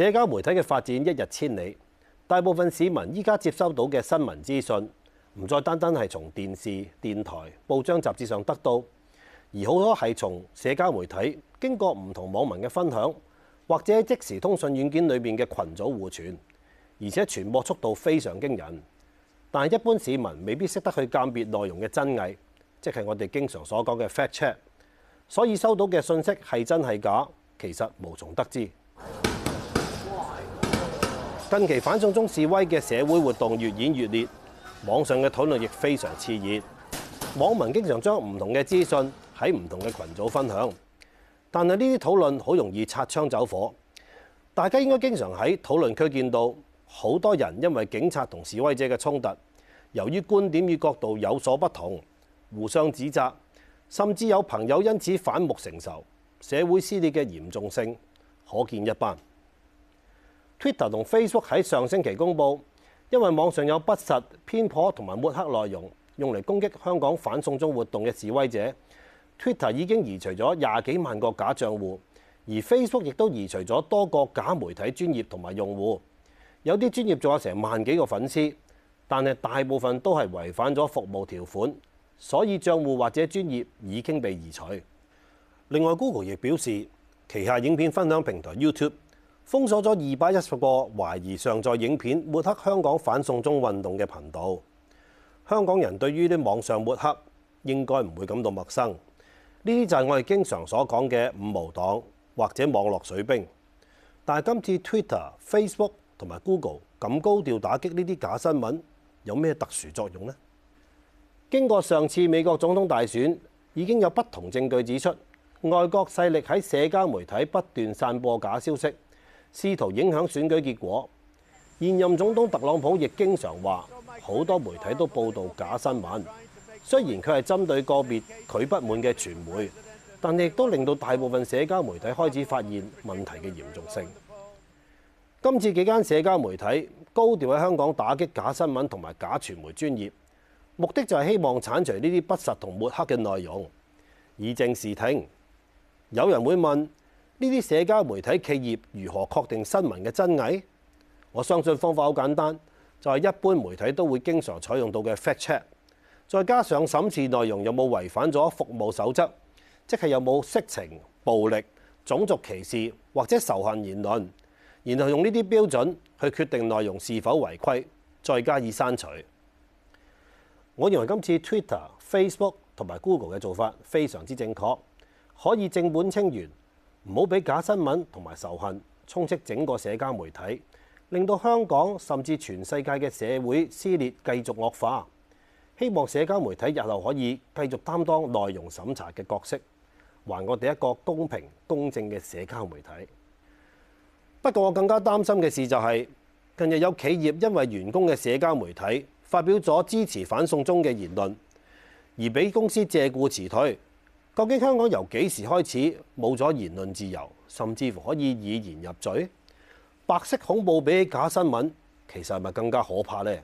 社交媒體嘅發展一日千里，大部分市民依家接收到嘅新聞資訊唔再單單係從電視、電台、報章雜誌上得到，而好多係從社交媒體經過唔同網民嘅分享，或者即時通訊軟件裏面嘅群組互傳，而且傳播速度非常驚人。但係一般市民未必識得去鑑別內容嘅真偽，即係我哋經常所講嘅 fact check。所以收到嘅信息係真係假，其實無從得知。近期反送中示威嘅社會活動越演越烈，網上嘅討論亦非常熾熱。網民經常將唔同嘅資訊喺唔同嘅群組分享，但係呢啲討論好容易擦槍走火。大家應該經常喺討論區見到好多人因為警察同示威者嘅衝突，由於觀點與角度有所不同，互相指責，甚至有朋友因此反目成仇。社會撕裂嘅嚴重性，可見一斑。Twitter 同 Facebook 喺上星期公布，因為網上有不實、偏頗同埋抹黑內容，用嚟攻擊香港反送中活動嘅示威者，Twitter 已經移除咗廿幾萬個假帳戶，而 Facebook 亦都移除咗多個假媒體專頁同埋用戶，有啲專頁仲有成萬幾個粉絲，但係大部分都係違反咗服務條款，所以帳戶或者專頁已經被移除。另外，Google 亦表示旗下影片分享平台 YouTube，封鎖咗二百一十個懷疑上載影片抹黑香港反送中運動嘅頻道。香港人對於啲網上抹黑應該唔會感到陌生。呢啲就係我哋經常所講嘅五毛黨或者網絡水兵。但係今次 Twitter、Facebook 同埋 Google 咁高調打擊呢啲假新聞，有咩特殊作用呢？經過上次美國總統大選，已經有不同證據指出外國勢力喺社交媒體不斷散播假消息。試圖影響選舉結果，現任總統特朗普亦經常話好多媒體都報道假新聞。雖然佢係針對個別佢不滿嘅傳媒，但亦都令到大部分社交媒體開始發現問題嘅嚴重性。今次幾間社交媒體高調喺香港打擊假新聞同埋假傳媒專業，目的就係希望剷除呢啲不實同抹黑嘅內容，以正視聽。有人會問，呢啲社交媒體企業如何確定新聞嘅真偽？我相信方法好簡單，就係一般媒體都會經常採用到嘅 fact check，再加上審視內容有冇違反咗服務守則，即係有冇色情、暴力、種族歧視或者仇恨言論，然後用呢啲標準去決定內容是否違規，再加以刪除。我認為今次 Twitter、Facebook 同埋 Google 嘅做法非常之正確，可以正本清源。唔好俾假新聞同埋仇恨充斥整個社交媒體，令到香港甚至全世界嘅社會撕裂繼續惡化。希望社交媒體日後可以繼續擔當內容審查嘅角色，還我哋一個公平公正嘅社交媒體。不過我更加擔心嘅事就係，近日有企業因為員工嘅社交媒體發表咗支持反送中嘅言論，而俾公司借故辭退。究竟香港由幾時開始冇咗言論自由，甚至乎可以以言入罪？白色恐怖比起假新聞，其實係咪更加可怕呢？